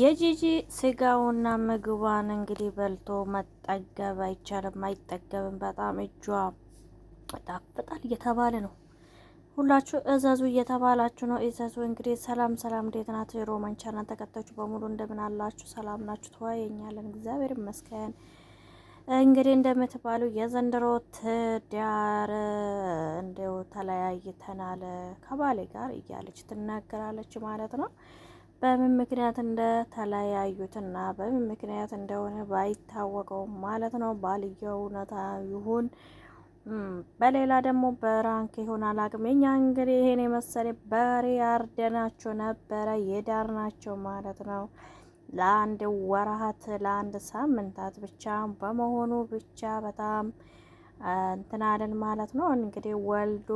የጂጂ ስጋውና ምግቧን እንግዲህ በልቶ መጠገብ አይቻልም፣ አይጠገብም። በጣም እጇ ጣፍጣል እየተባለ ነው። ሁላችሁ እዘዙ እየተባላችሁ ነው። እዘዙ እንግዲህ። ሰላም ሰላም፣ እንዴት ናችሁ? የሮማን ቻናል ተከታዮች በሙሉ እንደምን አላችሁ? ሰላም ናችሁ? ተወያየኛለን። እግዚአብሔር ይመስገን። እንግዲህ እንደምትባሉ የዘንድሮ ትዳር እንደው ተለያይተናል ከባሌ ጋር እያለች ትናገራለች ማለት ነው። በምን ምክንያት እንደተለያዩትና በምን ምክንያት እንደሆነ ባይታወቀውም ማለት ነው። ባልየው እውነታ ይሁን በሌላ ደግሞ በራንክ ይሁን አላቅም። እኛ እንግዲህ ይሄን የመሰለ በሬ አርደናቸው ነበረ የዳር ናቸው ማለት ነው። ለአንድ ወራት ለአንድ ሳምንታት ብቻ በመሆኑ ብቻ በጣም እንትናለን ማለት ነው። እንግዲህ ወልዶ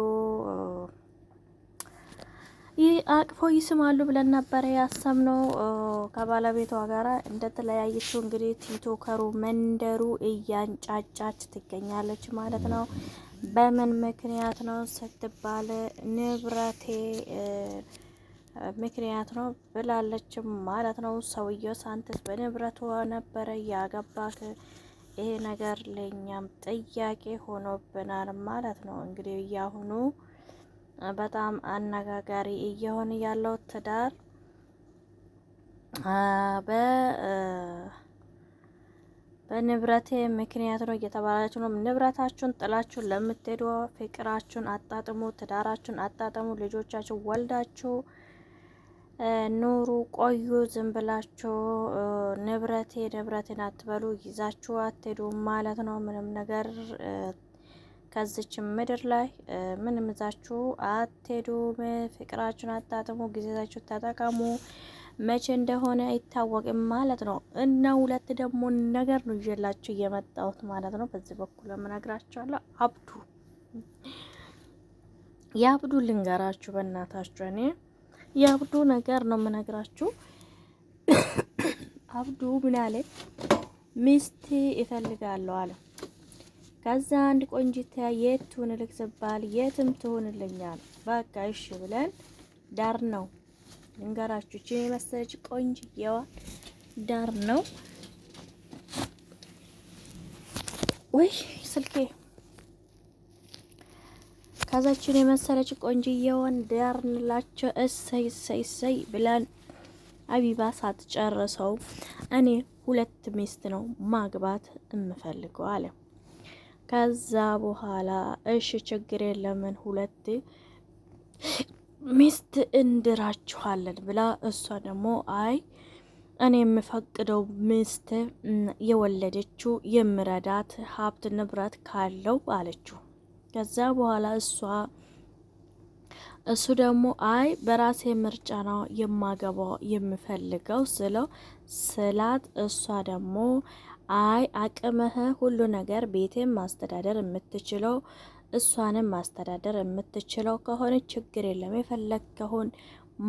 ይህ አቅፎ ይስማሉ ብለን ነበረ ያሰብነው። ከባለቤቷ ጋር እንደተለያየችው እንግዲህ ቲክቶከሩ መንደሩ እያንጫጫች ትገኛለች ማለት ነው። በምን ምክንያት ነው ስትባል ንብረቴ ምክንያት ነው ብላለች ማለት ነው። ሰውየው ሳንትስ በንብረቷ ነበረ ያገባት ይሄ ነገር ለእኛም ጥያቄ ሆኖብናል ማለት ነው። እንግዲህ እያሁኑ በጣም አነጋጋሪ እየሆነ ያለው ትዳር በ በንብረቴ ምክንያት ነው እየተባላችሁ ነው። ንብረታችሁን ጥላችሁ ለምትሄዱ ፍቅራችሁን አጣጥሙ፣ ትዳራችሁን አጣጥሙ። ልጆቻችሁ ወልዳችሁ ኑሩ፣ ቆዩ። ዝም ብላችሁ ንብረቴ ንብረቴን አትበሉ፣ ይዛችሁ አትሄዱ ማለት ነው። ምንም ነገር ከዚች ምድር ላይ ምንም ይዛችሁ አትሄዱም። ፍቅራችሁን አጣጥሙ፣ ጊዜያችሁ ተጠቀሙ። መቼ እንደሆነ አይታወቅም ማለት ነው እና ሁለት ደግሞ ነገር ነው ይዤላችሁ እየመጣሁት ማለት ነው። በዚህ በኩል የምነግራችኋለሁ አብዱ የአብዱ ልንገራችሁ፣ በእናታችሁ እኔ የአብዱ ነገር ነው የምነግራችሁ። አብዱ ምን አለ ሚስት ይፈልጋለሁ አለ ከዛ አንድ ቆንጂት የት ትሁንልክ ስባል የትም ትሆንልኛል በቃ እሺ ብለን ዳር ነው ልንገራችሁ፣ ይህችን የመሰለች ቆንጅዬዋ ዳር ነው ወይ ስልኬ ከዛችን የመሰለች ቆንጅዬውን ዳር እንላቸው። እሰይ እሰይ እሰይ ብለን አቢባ ሳትጨርሰው እኔ ሁለት ሚስት ነው ማግባት እምፈልገው አለ። ከዛ በኋላ እሺ ችግር የለምን ሁለት ሚስት እንድራችኋለን ብላ እሷ ደግሞ አይ እኔ የምፈቅደው ሚስት የወለደችው የምረዳት ሀብት ንብረት ካለው አለችው። ከዛ በኋላ እሷ እሱ ደግሞ አይ በራሴ ምርጫ ነው የማገባው የምፈልገው ስለው ስላት እሷ ደግሞ አይ አቅምህ ሁሉ ነገር ቤትም ማስተዳደር የምትችለው እሷንም ማስተዳደር የምትችለው ከሆነ ችግር የለም፣ የፈለግከውን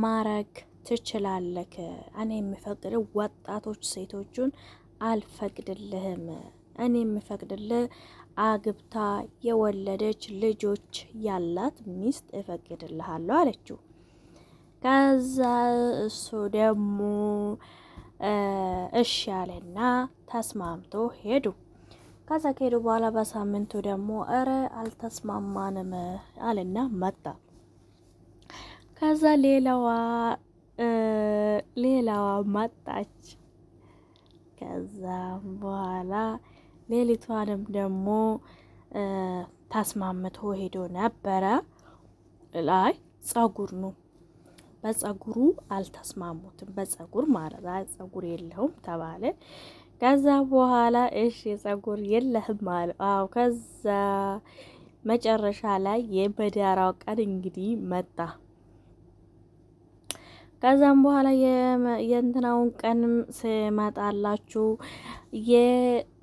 ማረግ ትችላለክ። እኔ የሚፈቅድ ወጣቶች ሴቶቹን አልፈቅድልህም። እኔ የሚፈቅድልህ አግብታ የወለደች ልጆች ያላት ሚስት እፈቅድልሃለሁ አለችው። ከዛ እሱ ደግሞ እሺ ያለና ተስማምቶ ሄዱ። ከዛ ከሄዱ በኋላ በሳምንቱ ደግሞ እረ አልተስማማንም አለና መጣ። ከዛ ሌላዋ ሌላዋ መጣች። ከዛ በኋላ ሌሊቷንም ደግሞ ተስማምቶ ሄዶ ነበረ ላይ ጸጉር ነው በጸጉሩ አልተስማሙትም። በጸጉር ማለት ጸጉር የለውም ተባለ። ከዛ በኋላ እሺ ጸጉር የለህም አለ። አዎ ከዛ መጨረሻ ላይ የመዳራው ቀን እንግዲህ መጣ። ከዛም በኋላ የእንትናውን ቀንም ስመጣላችሁ የሰላሳ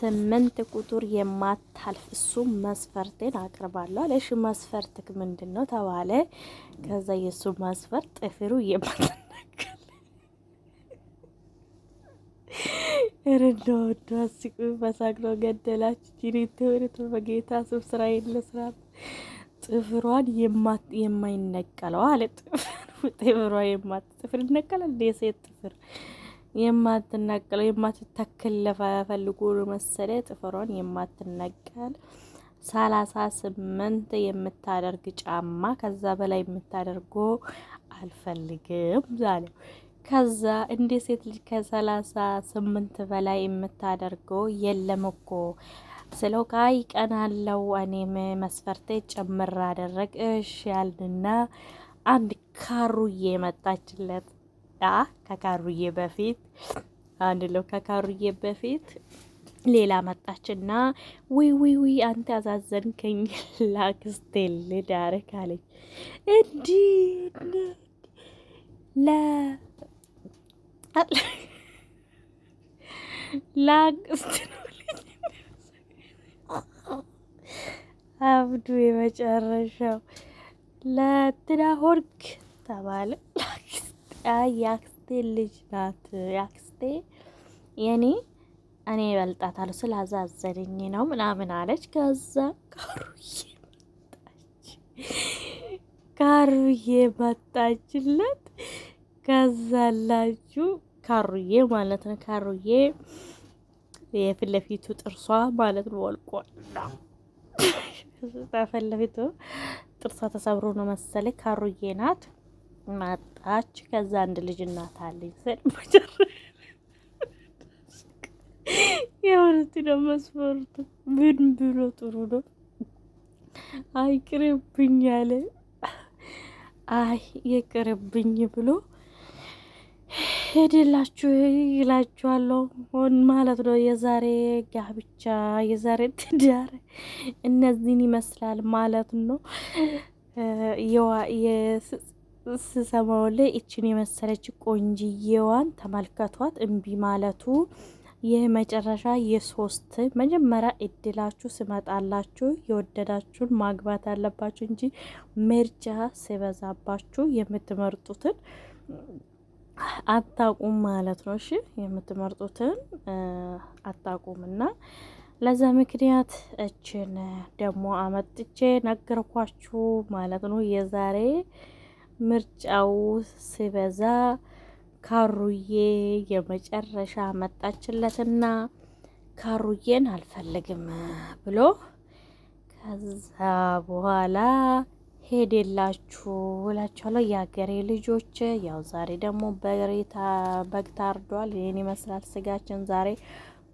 ስምንት ቁጥር የማታልፍ እሱ መስፈርቴን አቅርባለሁ። አለ። እሺ መስፈርትክ ምንድን ነው ተባለ። ከዛ የእሱ መስፈርት ጥፍሩ የማትነቀል ረዳ ወዱ አስቁ በሳቅሎ ገደላች ጅሪቴወሪቱ በጌታ ስም ስራ የለስራት ጥፍሯን የማይነቀለው አለ ጥፍሯ የማት ጥፍር ይነቀላል የሴት ጥፍር የማትናቀለው የማትተክል ፈልጎ መሰለ ጥፍሯን የማትነቀል ሰላሳ ስምንት የምታደርግ ጫማ ከዛ በላይ የምታደርጎ አልፈልግም ዛለ። ከዛ እንደ ሴት ልጅ ከሰላሳ ስምንት በላይ የምታደርገው የለም እኮ ስለው ቃይ ቀን አለው እኔም መስፈርቴ ጨምር አደረግ እሽ ያልንና አንድ ካሩዬ መጣችለት። ከካሩዬ በፊት አንድ ለው ከካሩዬ በፊት ሌላ መጣችና ውይ ውይ ውይ አንተ አዛዘንከኝ ላክስቴ ልዳረክ አለኝ። እንዲህ ላክስቴ አብዱ የመጨረሻው ለትዳሆርክ ተባለ። የአክስቴ ልጅ ናት። የአክስቴ የኔ እኔ እበልጣታለሁ ስላዛዘነኝ ነው ምናምን አለች። ከዛ ካሩዬ መጣች ካሩዬ መጣችለት። ከዛላችሁ ካሩዬ ማለት ነው ካሩዬ የፊት ለፊቱ ጥርሷ ማለት ነው ወልቋል። በፊት ለፊቱ ጥርሷ ተሰብሮ ነው መሰለኝ። ካሩዬ ናት። መጣች። ከዛ አንድ ልጅ እናት አለኝ ስል የእውነት ነው መስፈርቱ ምን ብሎ ጥሩ ነው አይቅርብኝ አለ። አይ ይቅርብኝ ብሎ ሄደላችሁ ይላችኋለሁ ሆን ማለት ነው። የዛሬ ጋብቻ የዛሬ ትዳር እነዚህን ይመስላል ማለት ነው። ስሰማው ላይ እችን የመሰለች ቆንጅዬዋን ተመልከቷት። እምቢ ማለቱ ይህ መጨረሻ የሶስት መጀመሪያ እድላችሁ ስመጣላችሁ የወደዳችሁን ማግባት አለባችሁ እንጂ ምርጫ ስበዛባችሁ የምትመርጡትን አታቁም ማለት ነው። እሺ የምትመርጡትን አታቁምና ለዛ ምክንያት እችን ደግሞ አመጥቼ ነገርኳችሁ ማለት ነው የዛሬ ምርጫው ሲበዛ ካሩዬ የመጨረሻ መጣችለትና ካሩዬን አልፈልግም ብሎ ከዛ በኋላ ሄደላችሁ እላችኋለሁ የአገሬ ልጆች። ያው ዛሬ ደግሞ በግ ታርዷል። ይህን ይመስላል ስጋችን ዛሬ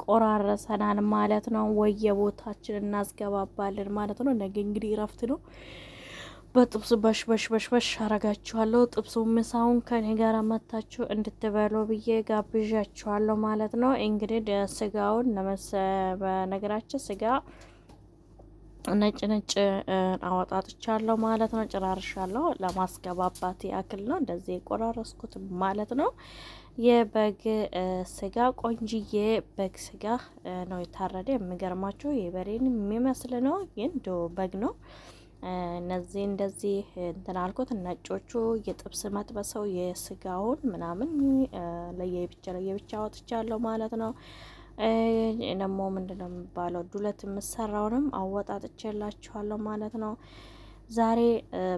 ቆራረሰናል ማለት ነው። ወየቦታችን እናስገባባለን ማለት ነው። ነገ እንግዲህ እረፍት ነው። በጥብሱ በሽ አረጋችኋለሁ። ጥብሱ ምሳውን ከኔ ጋር መታችሁ እንድትበሉ ብዬ ጋብዣችኋለሁ ማለት ነው። እንግዲህ ስጋውን ለመሰ በነገራችን ስጋ ነጭ ነጭ አወጣጥቻለሁ ማለት ነው። ጭራርሻለሁ ለማስገባባት ያክል ነው እንደዚህ የቆራረስኩት ማለት ነው። የበግ ስጋ ቆንጅዬ በግ ስጋ ነው የታረደ። የሚገርማቸው የበሬን የሚመስል ነው፣ ግን ዶ በግ ነው እነዚህ እንደዚህ እንትን አልኩት። ነጮቹ የጥብስ መጥበሰው የስጋውን ምናምን ለየብቻ ለየብቻ አወጥቻለሁ ማለት ነው። ደግሞ ምንድነው የሚባለው ዱለት የምሰራውንም አወጣጥቼላችኋለሁ ማለት ነው። ዛሬ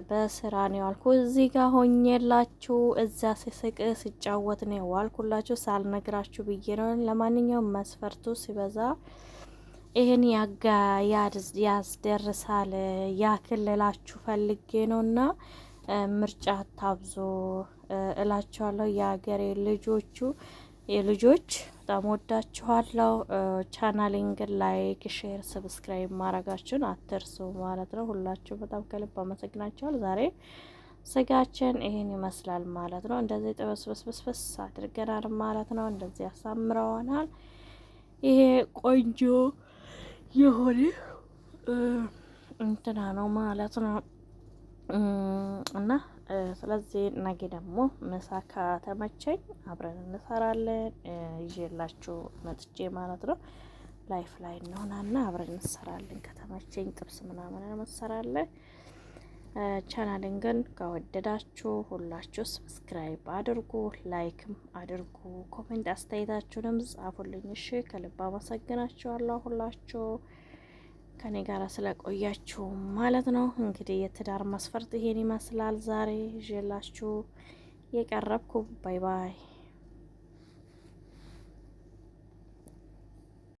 በስራ ነው ያልኩ። እዚህ ጋር ሆኜላችሁ እዛ ስስቅ ስጫወት ነው ዋልኩላችሁ። ሳልነግራችሁ ብዬ ነው። ለማንኛውም መስፈርቱ ሲበዛ ይህን ያጋ ያስደርሳል ያክልላችሁ ፈልጌ ነው እና ምርጫ ታብዞ እላችኋለሁ። የሀገሬ ልጆቹ የልጆች በጣም ወዳችኋለሁ። ቻናሌን ግን ላይክ፣ ሼር፣ ሰብስክራይብ ማድረጋችሁን አትርሱ ማለት ነው። ሁላችሁም በጣም ከልብ አመሰግናችኋል። ዛሬ ስጋችን ይህን ይመስላል ማለት ነው። እንደዚህ ጥበስበስበስበስ አድርገናል ማለት ነው። እንደዚህ ያሳምረዋናል ይሄ ቆንጆ የሆነ eh, እንትና ነው ማለት ነው። እና ስለዚህ ነገ ደግሞ ምሳ ከተመቸኝ አብረን እንሰራለን ይዤላችሁ መጥቼ ማለት ነው። ላይፍ ላይ እንሆናና አብረን እንሰራለን ከተመቸኝ ጥብስ ምናምን እንሰራለን። ቻናልን ግን ከወደዳችሁ ሁላችሁ ሰብስክራይብ አድርጉ፣ ላይክም አድርጉ፣ ኮሜንት አስተያየታችሁንም ጻፉልኝ። እሺ፣ ከልብ አመሰግናችኋለሁ ሁላችሁ ከኔ ጋር ስለቆያችሁ ማለት ነው። እንግዲህ የትዳር መስፈርት ይሄን ይመስላል ዛሬ ይዤላችሁ የቀረብኩ። ባይ ባይ።